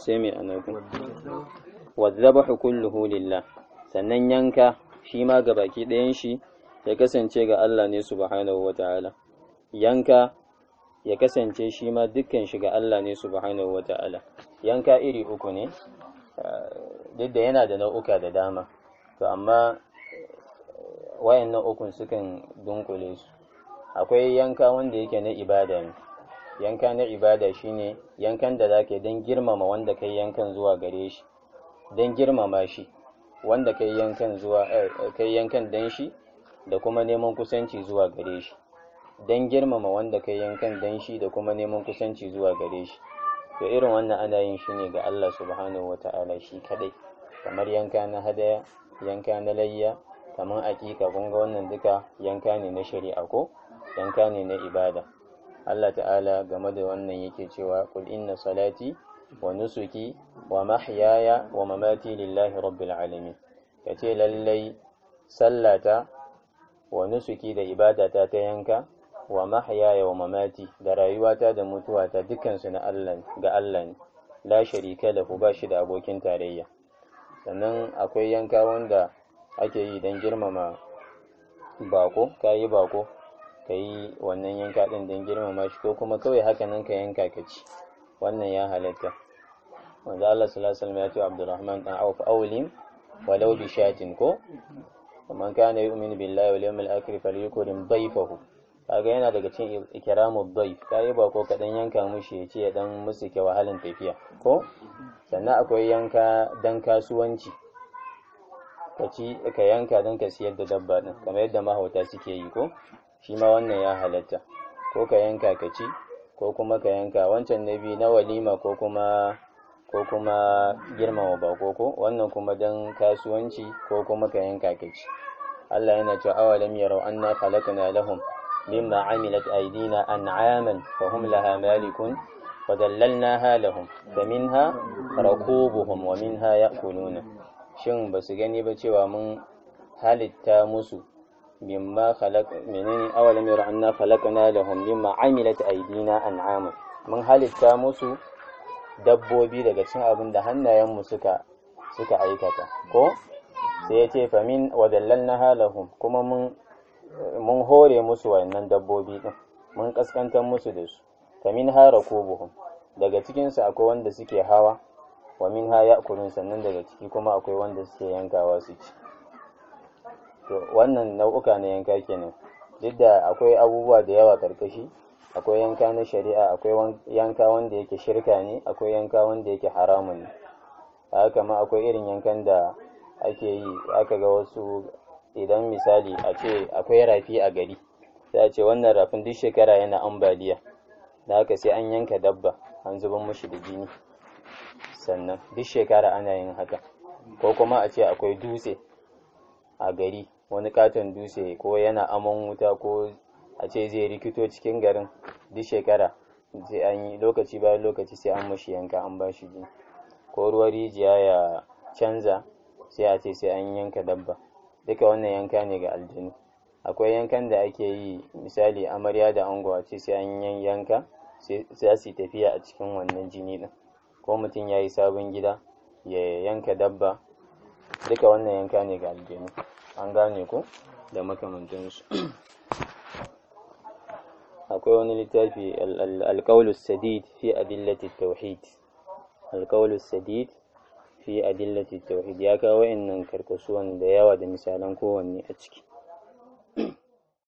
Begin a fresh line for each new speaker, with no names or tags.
sai mai anagun wadzabahu kulluhu lillah sannan yanka shi ma ga baki ɗayan shi ya kasance ga Allah ne subhanahu wata'ala yanka ya kasance shi ma dukkan shi ga Allah ne subhanahu wata'ala yanka iri uku ne duk da yana da nau'uka da dama to amma wayannan ukun sukan dunkule su akwai yanka wanda yake na ibada ne yanka na ibada shine yankan da zake yi don girmama wanda kai yankan zuwa gare shi don girmama shi wanda kai yankan zuwa eh, yankan dan shi da kuma neman kusanci zuwa gare shi don girmama wanda kai yankan dan shi da kuma neman kusanci zuwa gare shi to irin wannan ana yin shi ne ga Allah subhanahu wata'ala shi kadai kamar yanka na hadaya yanka na layya kamar aƙiƙa kun ga wannan duka yanka ne na shari'a ko yanka ne na ibada Allah ta'ala game da wannan yake cewa kul inna salati wa nusuki wa mahyaya wa mamati lillahi rabbil alamin kace lallai sallata wa nusuki da ibadata ta yanka wa mahyaya wa mamati da rayuwata da mutuwata dukansu na Allah ga Allah ne la sharika lahu ba shi da abokin tarayya sannan akwai yanka wanda ake yi don girmama bako kayi bako ka yi wannan yanka ɗin don girmama shi ko kuma kawai haka nan ka yanka ka ci wannan ya halatta wanda Allah sallallahu alaihi wasallam ya ce Abdurrahman dan Auf awlim walau bi shatin ko man kana yu'minu billahi wal yawmil akhir falyukrim dayfahu kaga yana daga cikin ikramu dayf kai ba ko kadan yanka mushi ya ce ya dan musu ke wahalin tafiya ko sannan akwai yanka dan kasuwanci ka ka yanka dan ka siyar da dabba din kamar yadda mahauta suke yi ko shi ma wannan ya halatta ko ka yanka ka ci ko kuma ka yanka wancan na biyu na walima ko kuma ko kuma girmama bako ko wannan kuma dan kasuwanci ko kuma ka yanka ka ci Allah yana cewa awalam yarau anna khalaqna lahum mimma amilat aydina an'aman fa hum laha malikun wa dallalnaha lahum fa minha rakubuhum wa minha ya'kuluna shin ba su gani ba cewa mun halitta musu mimma khalaqa menene awalam yara anna khalaqna lahum mimma amilat aydina an'ama mun halitta musu dabbobi daga cin abin da hannayenmu suka suka aikata ko sai ya ce famin wadallalnaha lahum kuma mun mun hore musu wayannan dabbobi din mun kaskantar musu da su famin ko daga cikin su akwai wanda suke hawa wa min ha ya'kulun sannan daga ciki kuma akwai wanda suke yankawa su ci to wannan nau'uka na yanka kenan duk da akwai abubuwa da yawa karkashi akwai yanka na shari'a akwai yanka wanda yake shirka ne akwai yanka wanda yake haramun ne haka ma akwai irin yankan da ake yi aka ga wasu idan misali a ce akwai rafi a gari sai a ce wannan rafin duk shekara yana ambaliya da haka sai an yanka dabba an zubar mashi da jini sannan duk shekara ana yin haka ko kuma a ce akwai dutse a gari wani katon dutse ko yana amon wuta ko a ce zai rikito cikin garin duk shekara sai an yi lokaci bayan lokaci sai an mashi yanka an ba shi jini ko ruwan rijiya ya canza sai a ce sai an yanka dabba duka wannan yanka ne ga aljanu akwai yankan da ake yi misali amarya da ango a ce sai an yi yanka sai su tafiya a cikin wannan jini din ko mutum ya yi sabon gida ya yanka dabba duka wannan yanka ne ga aljanu an gane ko da makamantansu akwai wani littafi alƙaulus sadid fi adillati tauhid alƙaulus sadid fi adillati tauhid ya kawo wa'annan karkasuwan da yawa da misalan kowanne a ciki